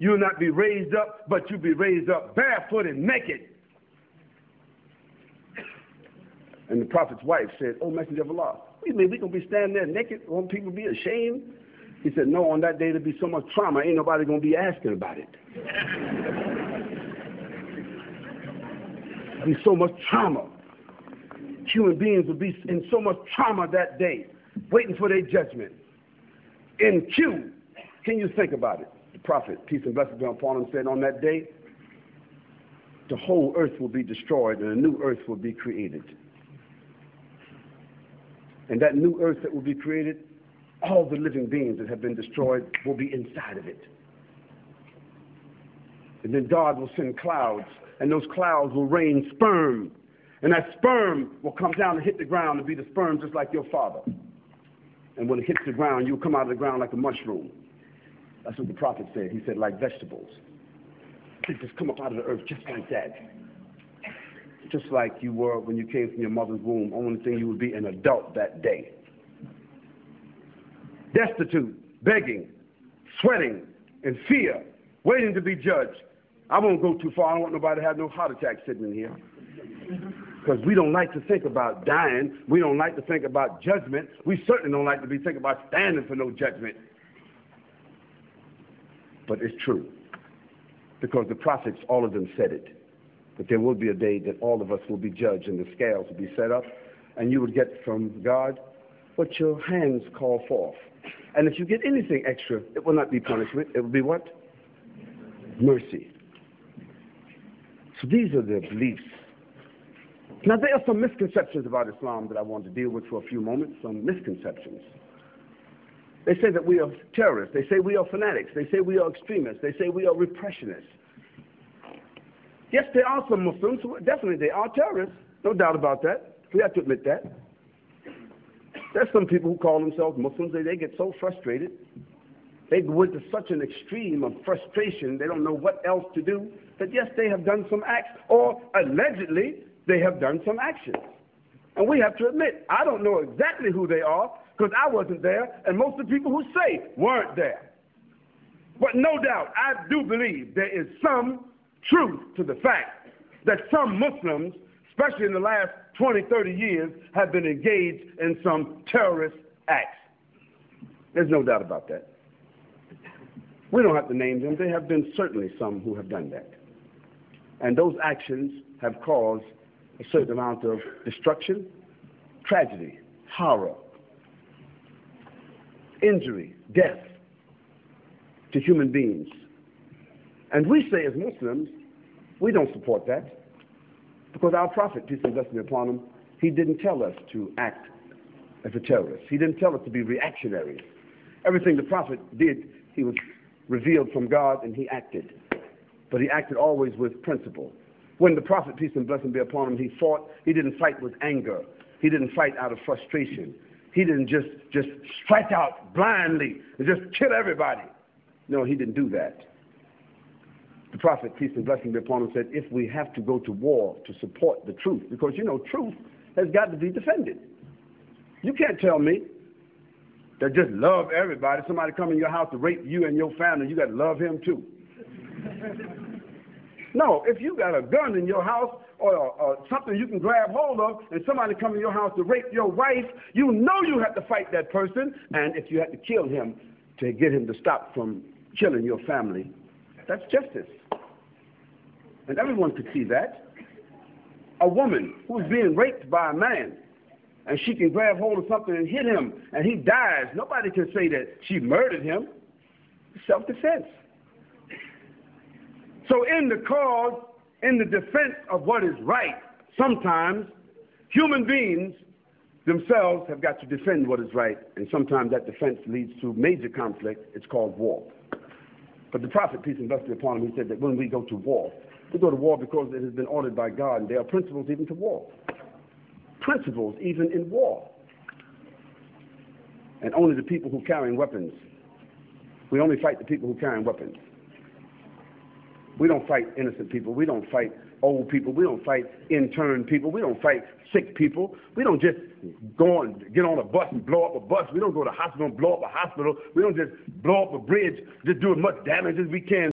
You'll not be raised up, but you'll be raised up barefoot and naked. And the prophet's wife said, Oh, messenger of Allah, you mean we going to be standing there naked? Won't people be ashamed? He said, No, on that day there'll be so much trauma, ain't nobody going to be asking about it. there'll be so much trauma. Human beings will be in so much trauma that day, waiting for their judgment. In Q, can you think about it? prophet, peace and blessings be upon him, said, On that day, the whole earth will be destroyed and a new earth will be created. And that new earth that will be created, all the living beings that have been destroyed will be inside of it. And then God will send clouds, and those clouds will rain sperm. And that sperm will come down and hit the ground and be the sperm just like your father. And when it hits the ground, you'll come out of the ground like a mushroom. That's what the prophet said. He said, like vegetables. They just come up out of the earth just like that. Just like you were when you came from your mother's womb. Only thing you would be an adult that day. Destitute, begging, sweating, in fear, waiting to be judged. I won't go too far. I don't want nobody to have no heart attack sitting in here. Because we don't like to think about dying. We don't like to think about judgment. We certainly don't like to be thinking about standing for no judgment but it's true because the prophets, all of them said it. That there will be a day that all of us will be judged and the scales will be set up, and you will get from God what your hands call forth. And if you get anything extra, it will not be punishment. It will be what? Mercy. So these are the beliefs. Now, there are some misconceptions about Islam that I want to deal with for a few moments, some misconceptions. They say that we are terrorists. They say we are fanatics. They say we are extremists. They say we are repressionists. Yes, there are some Muslims. Definitely, they are terrorists. No doubt about that. We have to admit that. There's some people who call themselves Muslims. They, they get so frustrated. They went to such an extreme of frustration, they don't know what else to do. But yes, they have done some acts, or allegedly, they have done some actions. And we have to admit, I don't know exactly who they are, because I wasn't there, and most of the people who say weren't there. But no doubt, I do believe there is some truth to the fact that some Muslims, especially in the last 20, 30 years, have been engaged in some terrorist acts. There's no doubt about that. We don't have to name them. There have been certainly some who have done that. And those actions have caused a certain amount of destruction, tragedy, horror, injury, death to human beings. And we say, as Muslims, we don't support that because our Prophet, peace and blessings be upon him, he didn't tell us to act as a terrorist. He didn't tell us to be reactionary. Everything the Prophet did, he was revealed from God and he acted. But he acted always with principle. When the Prophet, peace and blessings be upon him, he fought, he didn't fight with anger. He didn't fight out of frustration. He didn't just, just strike out blindly and just kill everybody. No, he didn't do that. The prophet, peace and blessing be upon him, said, if we have to go to war to support the truth, because you know, truth has got to be defended. You can't tell me that just love everybody. Somebody come in your house to rape you and your family, you got to love him too. no, if you got a gun in your house, or, or something you can grab hold of and somebody come to your house to rape your wife, you know you have to fight that person. And if you have to kill him to get him to stop from killing your family, that's justice. And everyone could see that. A woman who's being raped by a man and she can grab hold of something and hit him and he dies, nobody can say that she murdered him. Self defense. So in the cause in the defense of what is right, sometimes human beings themselves have got to defend what is right, and sometimes that defense leads to major conflict. It's called war. But the Prophet, peace and blessings upon him, he said that when we go to war, we go to war because it has been ordered by God, and there are principles even to war. Principles even in war. And only the people who carry weapons. We only fight the people who carry weapons. We don't fight innocent people. We don't fight old people. We don't fight intern people. We don't fight sick people. We don't just go and get on a bus and blow up a bus. We don't go to hospital and blow up a hospital. We don't just blow up a bridge, just do as much damage as we can